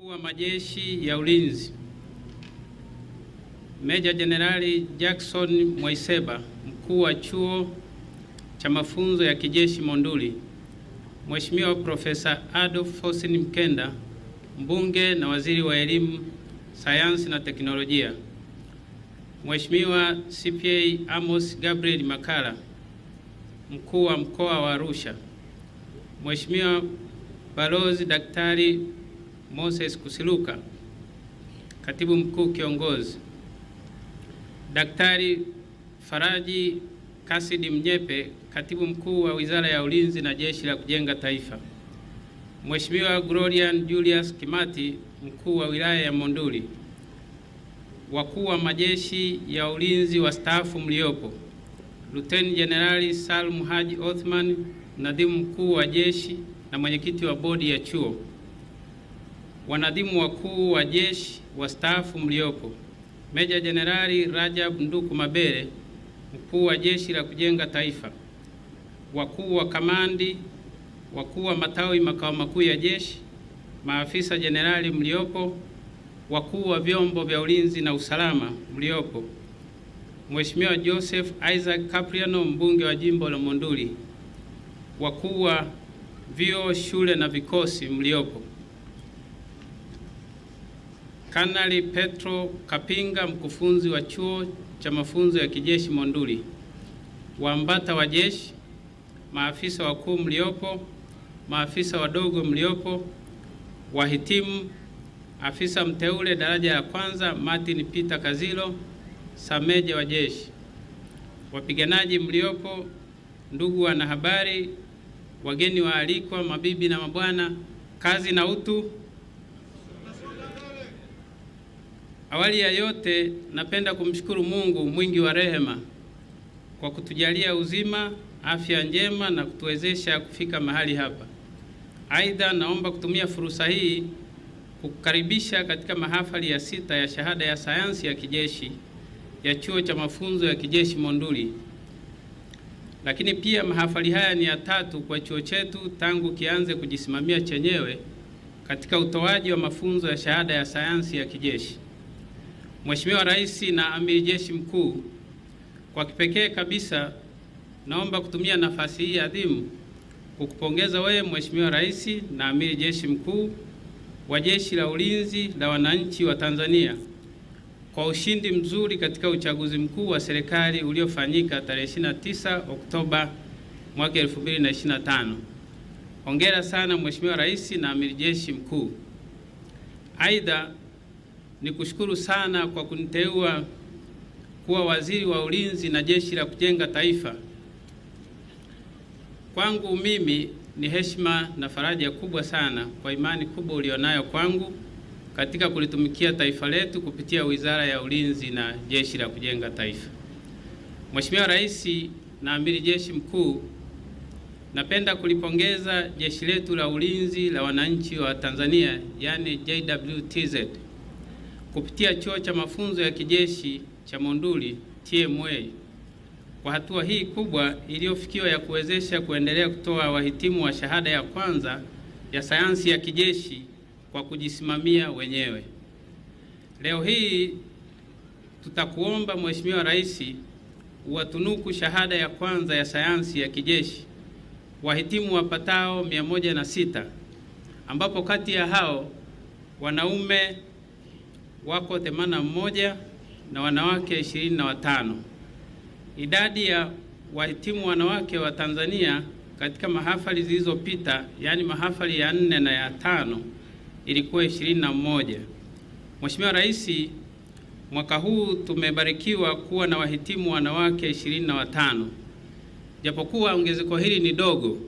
Mkuu wa Majeshi ya Ulinzi Meja Jenerali Jackson Mwaiseba, mkuu wa Chuo cha Mafunzo ya Kijeshi Monduli, Mheshimiwa Profesa Adolf fosin Mkenda, mbunge na waziri wa elimu, sayansi na teknolojia, Mheshimiwa CPA Amos Gabriel Makala, mkuu wa mkoa wa Arusha, Mheshimiwa Balozi Daktari Moses Kusiluka, katibu mkuu kiongozi, Daktari Faraji Kasidi Mnyepe, katibu mkuu wa Wizara ya Ulinzi na Jeshi la Kujenga Taifa, Mheshimiwa Glorian Julius Kimati, mkuu wa wilaya ya Monduli, wakuu wa majeshi ya ulinzi wa wastaafu mliopo, Luteni Jenerali salmu Haji Othman, nadhimu mkuu wa jeshi na mwenyekiti wa bodi ya chuo wanadhimu wakuu wa jeshi wastaafu mliopo, Meja Jenerali Rajab Nduku Mabere, mkuu wa jeshi la kujenga taifa, wakuu wa kamandi, wakuu wa matawi makao makuu ya jeshi, maafisa jenerali mliopo, wakuu wa vyombo vya ulinzi na usalama mliopo, Mheshimiwa Joseph Isaac Capriano, mbunge wa jimbo la Monduli, wakuu wa vyuo, shule na vikosi mliopo Kanali Petro Kapinga, mkufunzi wa chuo cha mafunzo ya kijeshi Monduli, waambata wa jeshi, maafisa wakuu mliopo, maafisa wadogo mliopo, wahitimu, afisa mteule daraja la kwanza Martin Peter Kazilo, sameja wa jeshi, wapiganaji mliopo, ndugu wanahabari, wageni waalikwa, mabibi na mabwana, kazi na utu. Awali ya yote napenda kumshukuru Mungu mwingi wa rehema kwa kutujalia uzima, afya njema na kutuwezesha kufika mahali hapa. Aidha, naomba kutumia fursa hii kukukaribisha katika mahafali ya sita ya shahada ya sayansi ya kijeshi ya Chuo cha Mafunzo ya Kijeshi Monduli. Lakini pia mahafali haya ni ya tatu kwa chuo chetu tangu kianze kujisimamia chenyewe katika utoaji wa mafunzo ya shahada ya sayansi ya kijeshi. Mheshimiwa Rais na Amiri Jeshi Mkuu, kwa kipekee kabisa naomba kutumia nafasi hii adhimu kukupongeza wewe Mheshimiwa Rais na Amiri Jeshi Mkuu wa Jeshi la Ulinzi la Wananchi wa Tanzania kwa ushindi mzuri katika uchaguzi mkuu wa serikali uliofanyika tarehe 29 Oktoba mwaka 2025. Hongera sana Mheshimiwa Rais na Amiri Jeshi Mkuu. Aidha, ni kushukuru sana kwa kuniteua kuwa waziri wa ulinzi na jeshi la kujenga taifa. Kwangu mimi ni heshima na faraja kubwa sana kwa imani kubwa ulionayo kwangu katika kulitumikia taifa letu kupitia Wizara ya Ulinzi na Jeshi la Kujenga Taifa. Mheshimiwa Rais na Amiri Jeshi Mkuu, napenda kulipongeza jeshi letu la ulinzi la wananchi wa Tanzania, yani JWTZ kupitia chuo cha mafunzo ya kijeshi cha Monduli TMA. Kwa hatua hii kubwa iliyofikiwa ya kuwezesha kuendelea kutoa wahitimu wa shahada ya kwanza ya sayansi ya kijeshi kwa kujisimamia wenyewe. Leo hii tutakuomba Mheshimiwa Rais uwatunuku shahada ya kwanza ya sayansi ya kijeshi wahitimu wapatao 106 ambapo kati ya hao wanaume wako 81 na wanawake 25. Idadi ya wahitimu wanawake wa Tanzania katika mahafali zilizopita, yaani mahafali ya nne na ya tano ilikuwa 21. Mheshimiwa Rais, mwaka huu tumebarikiwa kuwa na wahitimu wanawake 25. Japokuwa ongezeko hili ni dogo,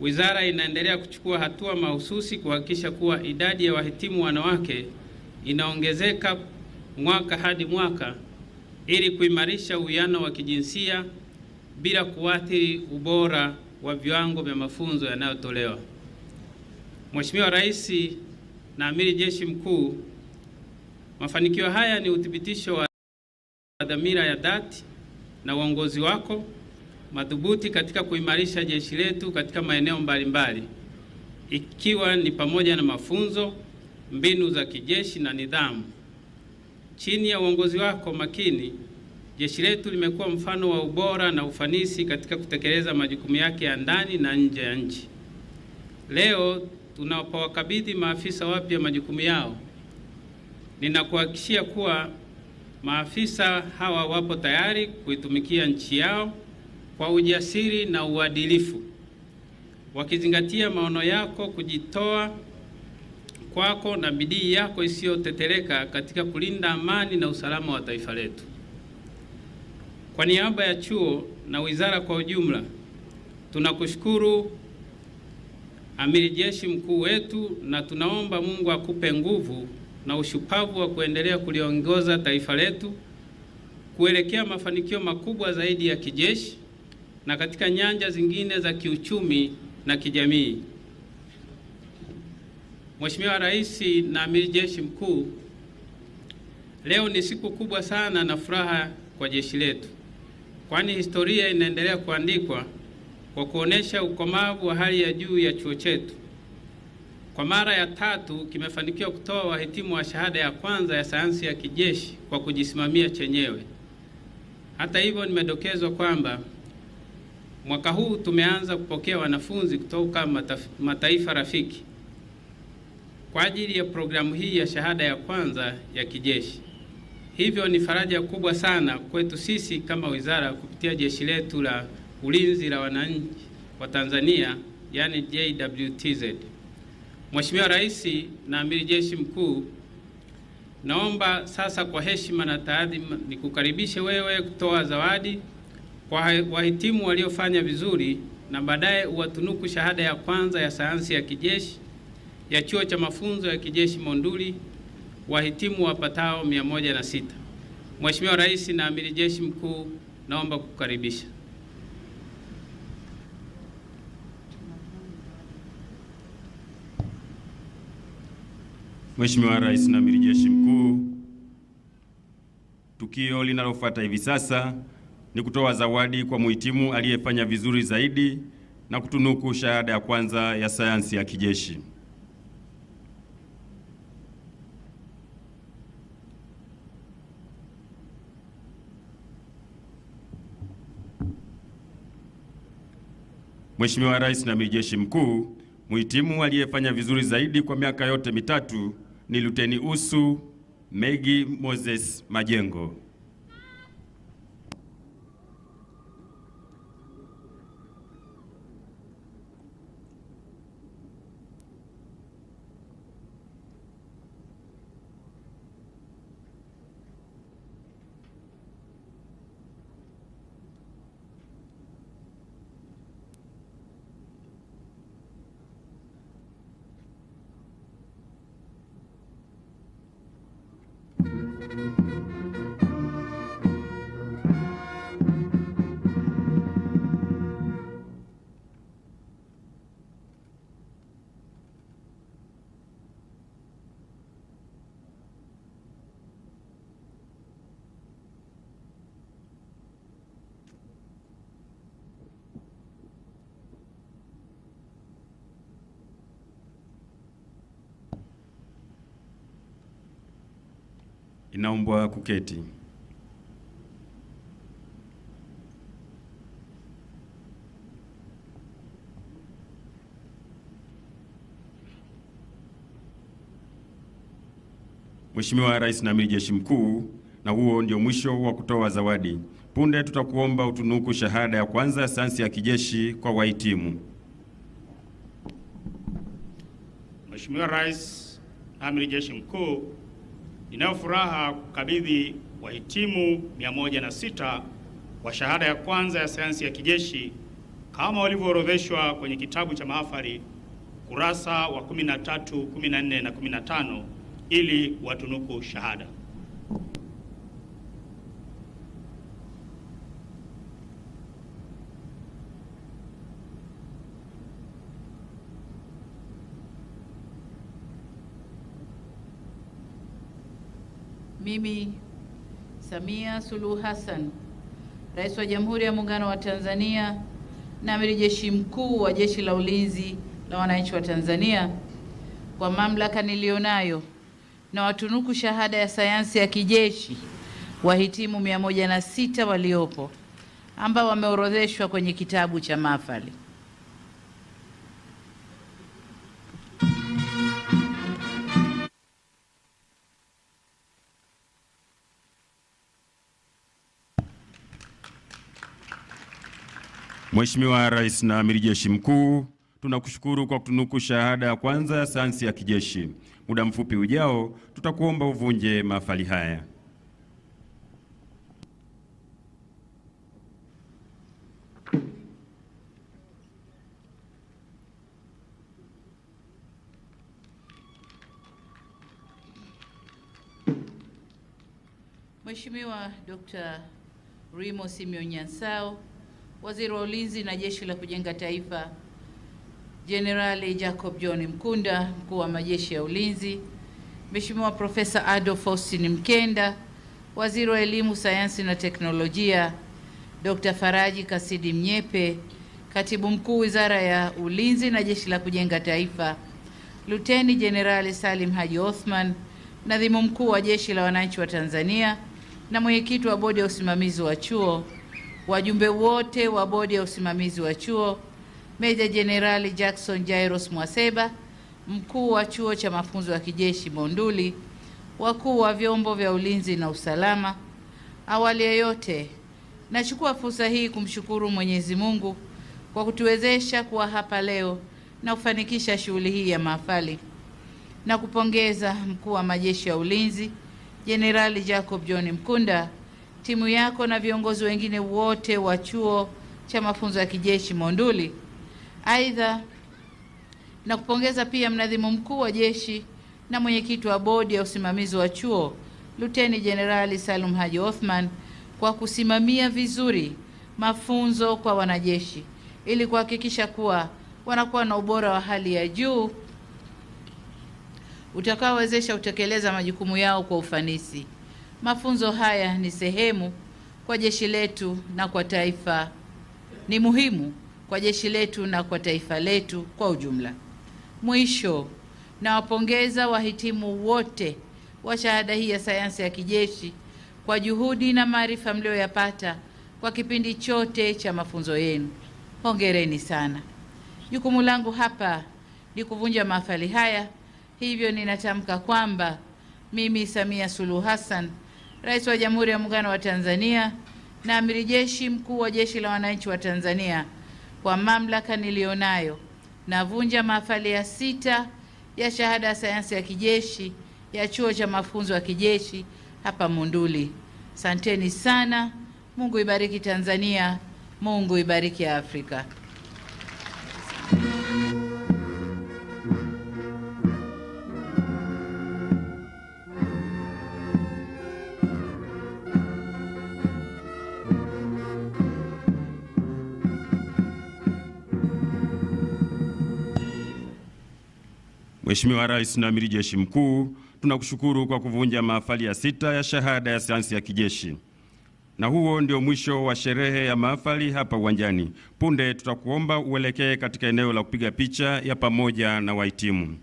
wizara inaendelea kuchukua hatua mahususi kuhakikisha kuwa idadi ya wahitimu wanawake inaongezeka mwaka hadi mwaka ili kuimarisha uwiano wa kijinsia bila kuathiri ubora wa viwango vya mafunzo yanayotolewa. Mheshimiwa Rais na Amiri Jeshi Mkuu, mafanikio haya ni uthibitisho wa dhamira ya dhati na uongozi wako madhubuti katika kuimarisha jeshi letu katika maeneo mbalimbali, ikiwa ni pamoja na mafunzo mbinu za kijeshi na nidhamu. Chini ya uongozi wako makini, jeshi letu limekuwa mfano wa ubora na ufanisi katika kutekeleza majukumu yake ya ndani na nje ya nchi. Leo tunapowakabidhi maafisa wapya majukumu yao, ninakuhakikishia kuwa maafisa hawa wapo tayari kuitumikia nchi yao kwa ujasiri na uadilifu, wakizingatia maono yako, kujitoa kwako na bidii yako isiyotetereka katika kulinda amani na usalama wa taifa letu. Kwa niaba ya chuo na wizara kwa ujumla, tunakushukuru Amiri Jeshi Mkuu wetu na tunaomba Mungu akupe nguvu na ushupavu wa kuendelea kuliongoza taifa letu kuelekea mafanikio makubwa zaidi ya kijeshi na katika nyanja zingine za kiuchumi na kijamii. Mheshimiwa Rais na Amiri Jeshi Mkuu, leo ni siku kubwa sana na furaha kwa jeshi letu, kwani historia inaendelea kuandikwa kwa kuonesha ukomavu wa hali ya juu ya chuo chetu. Kwa mara ya tatu kimefanikiwa kutoa wahitimu wa shahada ya kwanza ya sayansi ya kijeshi kwa kujisimamia chenyewe. Hata hivyo, nimedokezwa kwamba mwaka huu tumeanza kupokea wanafunzi kutoka mataifa rafiki kwa ajili ya programu hii ya shahada ya kwanza ya kijeshi. Hivyo ni faraja kubwa sana kwetu sisi kama wizara kupitia jeshi letu la ulinzi la wananchi wa Tanzania, yani JWTZ. Mheshimiwa Rais na Amiri Jeshi Mkuu, naomba sasa kwa heshima na taadhima nikukaribishe wewe kutoa zawadi kwa wahitimu waliofanya vizuri na baadaye uwatunuku shahada ya kwanza ya sayansi ya kijeshi ya chuo cha mafunzo ya kijeshi Monduli wahitimu wapatao 106. Mheshimiwa Rais na Amiri Jeshi Mkuu, naomba kukaribisha. Mheshimiwa Rais na Amiri Jeshi Mkuu, tukio linalofuata hivi sasa ni kutoa zawadi kwa muhitimu aliyefanya vizuri zaidi na kutunuku shahada ya kwanza ya sayansi ya kijeshi. Mheshimiwa Rais na Amiri Jeshi Mkuu, mhitimu aliyefanya vizuri zaidi kwa miaka yote mitatu ni Luteni Usu Megi Moses Majengo. Thank you. Inaombwa kuketi. Mheshimiwa Rais na Amiri Jeshi Mkuu, na huo ndio mwisho wa kutoa zawadi. Punde tutakuomba utunuku shahada ya kwanza ya sayansi ya kijeshi kwa wahitimu. Mheshimiwa Rais, Amiri Jeshi Mkuu Ninayo furaha kukabidhi wahitimu 106 wa shahada ya kwanza ya sayansi ya kijeshi kama walivyoorodheshwa kwenye kitabu cha mahafali kurasa wa 13, 14 na 15 ili watunuku shahada. Mimi Samia Suluhu Hassan, Rais wa Jamhuri ya Muungano wa Tanzania na Amiri Jeshi Mkuu wa Jeshi la Ulinzi la Wananchi wa Tanzania, kwa mamlaka niliyonayo na watunuku shahada ya sayansi ya kijeshi wahitimu 106 waliopo ambao wameorodheshwa kwenye kitabu cha mahafali. Mheshimiwa Rais na Amiri Jeshi Mkuu, tunakushukuru kwa kutunuku shahada ya kwanza ya sayansi ya kijeshi. Muda mfupi ujao, tutakuomba uvunje mahafali haya. Mheshimiwa Dr. Rimo Simeon Nyansao Waziri wa Ulinzi na Jeshi la Kujenga Taifa Jenerali Jacob John Mkunda, mkuu wa majeshi ya ulinzi, Mheshimiwa Profesa Adolf Faustin Mkenda, Waziri wa Elimu, Sayansi na Teknolojia, Dr. Faraji Kasidi Mnyepe, Katibu Mkuu Wizara ya Ulinzi na Jeshi la Kujenga Taifa, Luteni Jenerali Salim Haji Othman, Nadhimu Mkuu wa Jeshi la Wananchi wa Tanzania na Mwenyekiti wa Bodi ya Usimamizi wa Chuo wajumbe wote wa bodi ya usimamizi wa chuo, Meja Jenerali Jackson Jairos Mwaseba, mkuu wa chuo cha mafunzo ya kijeshi Monduli, wakuu wa vyombo vya ulinzi na usalama. Awali ya yote, nachukua fursa hii kumshukuru Mwenyezi Mungu kwa kutuwezesha kuwa hapa leo na kufanikisha shughuli hii ya mahafali na kupongeza mkuu wa majeshi ya ulinzi Jenerali Jacob John Mkunda timu yako na viongozi wengine wote wa Chuo cha Mafunzo ya Kijeshi Monduli. Aidha, nakupongeza pia mnadhimu mkuu wa jeshi na mwenyekiti wa bodi ya usimamizi wa chuo Luteni Jenerali Salum Haji Othman kwa kusimamia vizuri mafunzo kwa wanajeshi ili kuhakikisha kuwa wanakuwa na ubora wa hali ya juu utakaowezesha kutekeleza majukumu yao kwa ufanisi. Mafunzo haya ni sehemu kwa jeshi letu na kwa taifa, ni muhimu kwa jeshi letu na kwa taifa letu kwa ujumla. Mwisho, nawapongeza wahitimu wote wa shahada hii ya sayansi ya kijeshi kwa juhudi na maarifa mlioyapata kwa kipindi chote cha mafunzo yenu. Hongereni sana. Jukumu langu hapa ni kuvunja mahafali haya, hivyo ninatamka kwamba mimi Samia Suluhu Hassan Rais wa Jamhuri ya Muungano wa Tanzania na Amiri Jeshi Mkuu wa Jeshi la Wananchi wa Tanzania, kwa mamlaka niliyonayo, navunja mahafali ya sita ya shahada ya sayansi ya kijeshi ya Chuo cha Mafunzo ya Kijeshi hapa Monduli. Asanteni sana. Mungu ibariki Tanzania. Mungu ibariki Afrika. Mheshimiwa Rais na Amiri Jeshi Mkuu, tunakushukuru kwa kuvunja mahafali ya sita ya shahada ya sayansi ya kijeshi. Na huo ndio mwisho wa sherehe ya mahafali hapa uwanjani. Punde tutakuomba uelekee katika eneo la kupiga picha ya pamoja na wahitimu,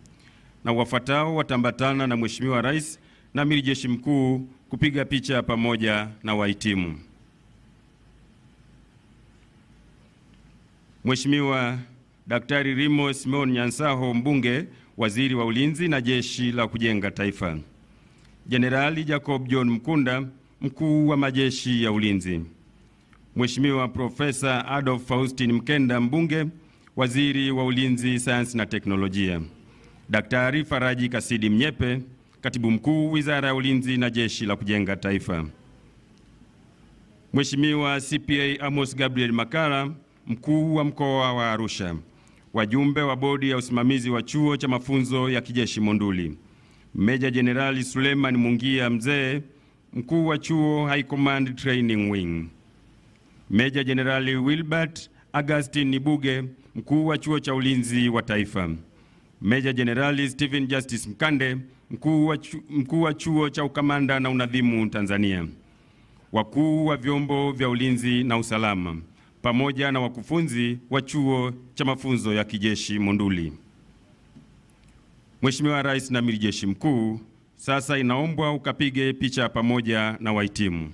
na wafuatao watambatana na Mheshimiwa Rais na Amiri Jeshi Mkuu kupiga picha ya pamoja na wahitimu. Mheshimiwa Daktari Rimo Simon Nyansaho mbunge waziri wa ulinzi na jeshi la kujenga taifa, Jenerali Jacob John Mkunda, mkuu wa majeshi ya ulinzi, Mheshimiwa Profesa Adolf Faustin Mkenda, mbunge, waziri wa ulinzi, sayansi na teknolojia, Daktari Faraji Kasidi Mnyepe, katibu mkuu, wizara ya ulinzi na jeshi la kujenga taifa, Mheshimiwa CPA Amos Gabriel Makala, mkuu wa mkoa wa Arusha wajumbe wa bodi ya usimamizi wa chuo cha mafunzo ya kijeshi Monduli, Meja Jenerali Suleiman Mungia Mzee, mkuu wa chuo High Command Training Wing, Meja Jenerali Wilbert Augustin Nibuge, mkuu wa chuo cha ulinzi wa taifa, Meja Jenerali Stephen Justice Mkande, mkuu wa, mkuu wa chuo cha ukamanda na unadhimu Tanzania, wakuu wa vyombo vya ulinzi na usalama pamoja na wakufunzi wa chuo cha mafunzo ya kijeshi Monduli. Mheshimiwa Rais na Amiri Jeshi Mkuu, sasa inaombwa ukapige picha pamoja na wahitimu.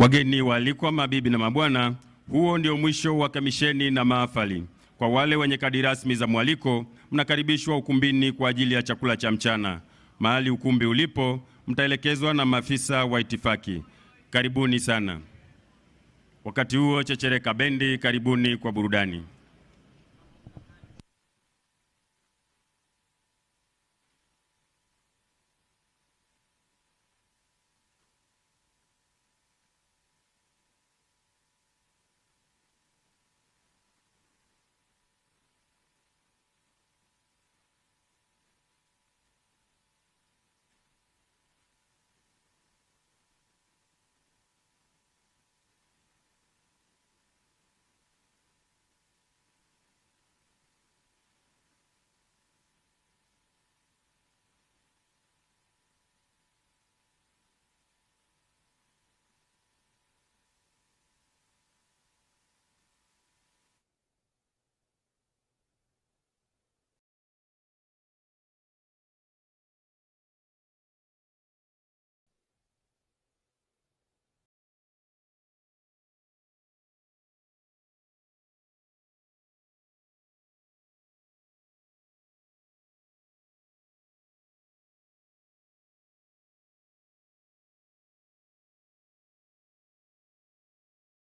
Wageni waalikwa, mabibi na mabwana, huo ndio mwisho wa kamisheni na maafali. Kwa wale wenye kadi rasmi za mwaliko, mnakaribishwa ukumbini kwa ajili ya chakula cha mchana. Mahali ukumbi ulipo, mtaelekezwa na maafisa wa itifaki. Karibuni sana. Wakati huo, chechereka bendi, karibuni kwa burudani.